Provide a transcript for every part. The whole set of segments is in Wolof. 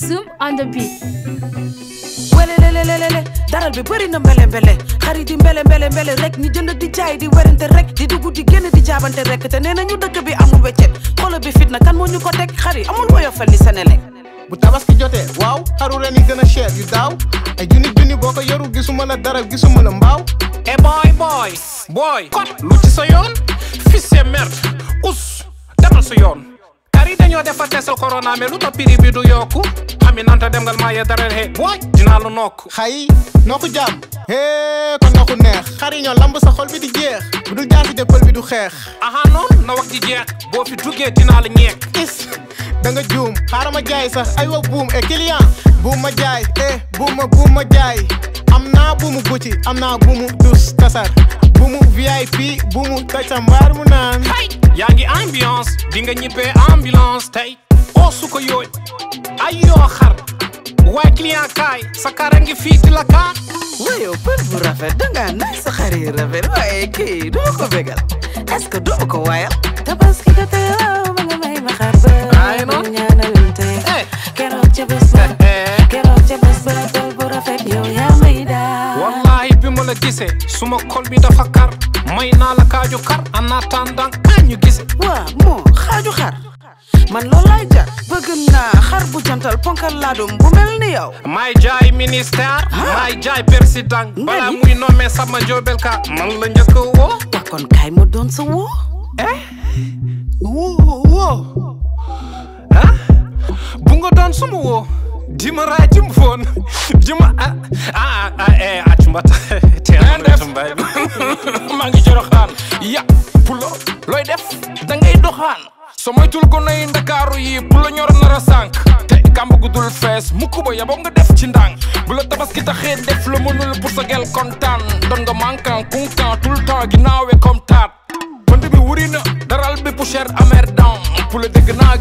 Zoom on the beat. welelelelelele daral bi bari na mbele mbele xarit di mbele mbele mbele rek ñu jënd di jaay di werante rek di dugg di génn di jaabante rek te nee nañu dëkk bi amul weccet xolo bi fitna kan moo ñu ko teg xari amul woyofal ni Senelec bu tabaski jotee waaw xaru ren yi gën a cher yu daaw ay junni junni boo ko yoru gisuma la dara gisuma la mbaaw e boy boy boy kot lu ci sa yoon fils et us demal sa yoon dañoo defa tesal corona mais lu tax prix bi du yokku ami nanta dem ngal noo ko jàmm hee kon noo ko sa xol bi di jeex du xeex na boo fi duggee dinaa la ñeek is da juum xaaral ma jaay sax ay wa buum e buum ma jaay e buum ma ma jaay am naa buumu Gucci am naa buumu dus tasar buumu VIP buumu taj mu naan yaa ngi ambiance di nga ñibbee ambulance tey oo su ko yooyu ay yoo xar waaye client kaay sa kara ngi fii di la bu rafet dangaa nañ sa xari rafet kii duma ko bégal oh, may ma xar ba ay noon ñaanal tey bi ma la gisee suma kol bi dafa mayna la kaju xar anak tandang gis wa mo moo xaaju xar man loolay jar beug na xar bu jantal ponkal la do bu melni yow may jay minister may jay président bala muy nomé sama jobel ka man la ñëk wo takon kay mo don sa wo eh Wo wo? ha bu nga don suma wo dima raajum foon dima ah ah eh acumbata caaxaan soo moytul gone yi ndakaaru yi bu la ñoro nar a sànq te kàmb gu dul fees mukk ba yaboo nga def ci ndànk bu la tabaski taxee def la mënul pour sa gel kontaan doon nga manquant kunkan tout le temps gi comme taat bënd bi wuri na daral bi poussière amer dan pour le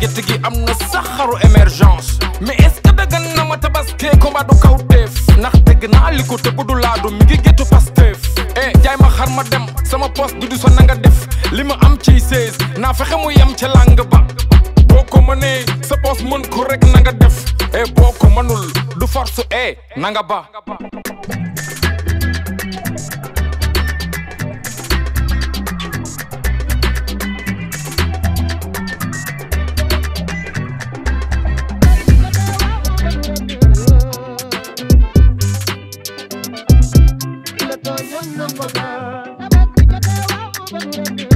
gétt gi am na saxaru émergence mais est-ce que dëggan na ma tabaskee ko du kaw teef ndax dégg li ko te gudu laadu mi ngi géttu Pastef eh jaay ma xar ma dem sama poste du du sa nanga def lima am ciy ses na fexe mu yam ci làng ba boko mané sa boss mon ko na nga def e eh, boko manul du force e na nga ba Thank you.